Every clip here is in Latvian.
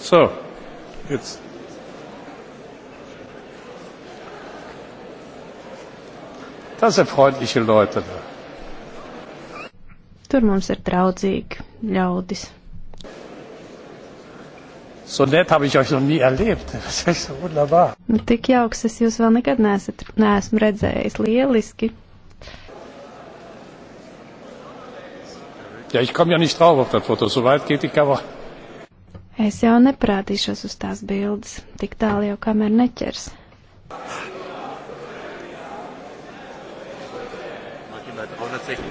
So, jetzt. Das sind freundliche Leute. Tur mums ir draudzīgi ļaudis. So nett habe ich euch noch nie erlebt. Das ist so wunderbar. Nu, tik jauks es jūs vēl nekad neesat, neesmu redzējis. Lieliski. Ja, ich komme ja nicht drauf auf das Foto. So weit geht die Kamera. Es jau neprātīšos uz tās bildes, tik tālu jau kamēr neķers. Martin,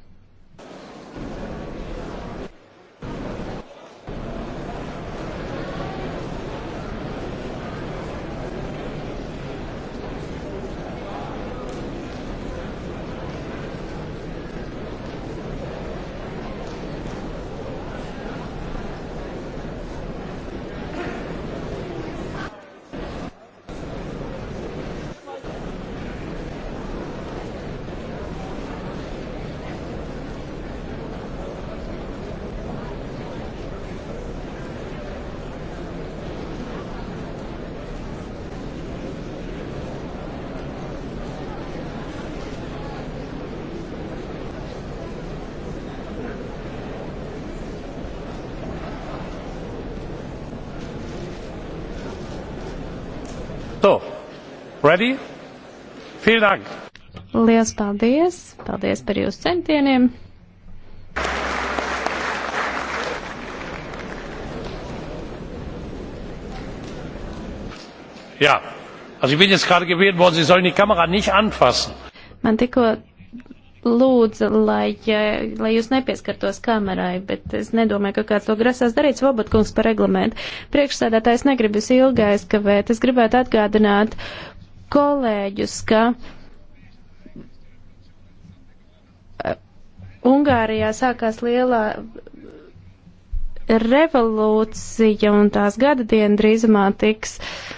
Ready? Vielen Dank! Liels paldies! Paldies par jūsu centieniem! Ja, also ich bin jetzt gerade gewählt worden, Sie sollen die Kamera nicht anfassen. Man tikko lūdza, lai, lai jūs nepieskartos kamerai, bet es nedomāju, ka kāds to grasās darīt. Svobodkungs par reglamentu. Priekšsēdētājs negrib jūs ilgais kavēt. Es gribētu atgādināt kolēģus, ka eh, Ungārijā sākās lielā revolūcija un tās gada diena drīzumā tiks uh,